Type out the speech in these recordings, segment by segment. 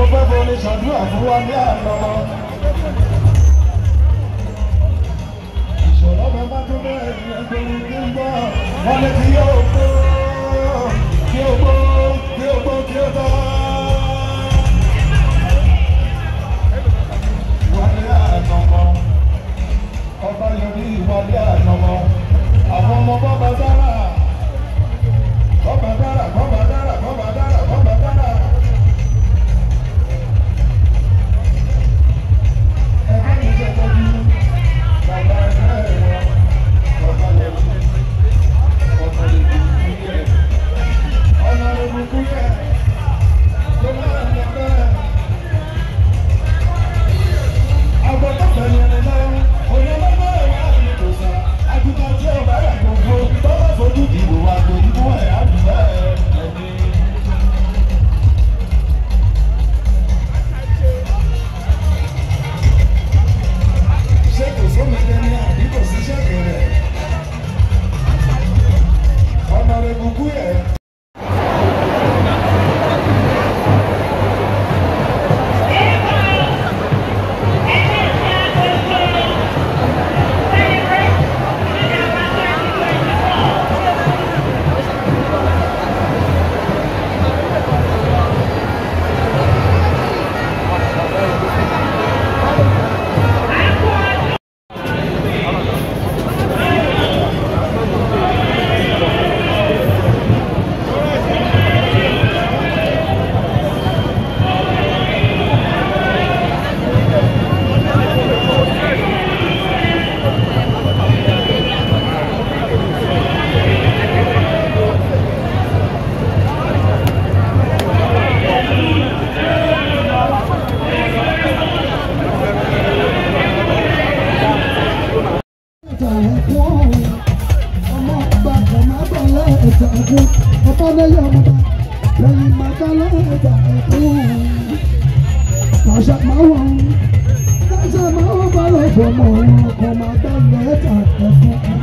mo fẹ́ borí ṣàdúrà fún wa ní àlọ́mọ. ìṣòro mi má lẹ́yìn màdálẹ́ ẹ̀dá ẹ̀kún kàṣà máa wọ̀ kàṣà máa wọ̀ balẹ̀ fọmọ ọkọ̀ màdálẹ́ ẹ̀dá ẹ̀kún.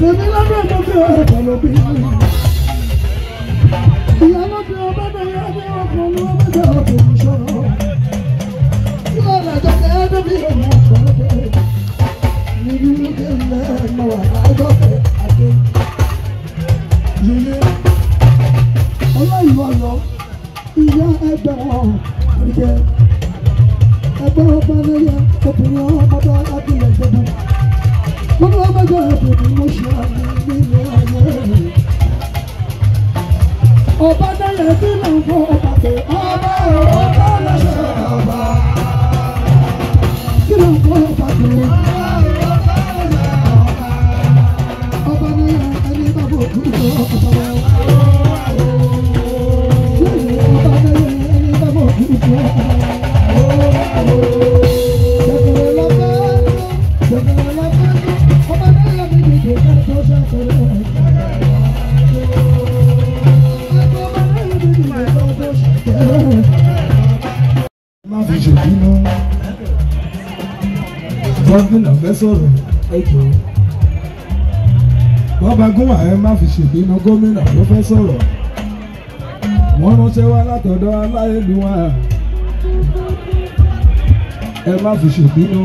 me, Èmi lọ́dọ̀ tó fi ọ̀rọ̀ pẹ̀lú bí. Ìyá lọ́dọ̀ ọba bẹ̀rẹ̀ ẹgbẹ́ ọkùnrin ló bẹ̀ bẹ̀ ọkùnrin sọ̀rọ̀. Tí wọ́n rà jọ̀kẹ́ ẹgbẹ́ bí ọmọ ọ̀pọ̀lọpọ̀ bẹ̀rẹ̀. Níbi wípé ilẹ̀ ẹ̀mọ wà láìdọ̀fẹ́ àdé. Yìnyín. Ọlọ́yìn ọ̀yọ́. Ìyá ẹgbẹ́ ọ̀rẹ́ ẹgbẹ́ ọba lẹ́yà obìnrin ọmọdé abilẹ̀ jẹ̀bú. Bunu ama gördüm boşandım gómìnà fẹ́ sọ̀rọ̀ ẹjọ́ bọ́ba gúnwà ẹ má fi ṣèbínú gómìnà ló fẹ́ sọ̀rọ̀ wọ́n ránṣẹ́ wá látọ̀dọ̀ aláìlúwà ẹ má fi ṣèbínú.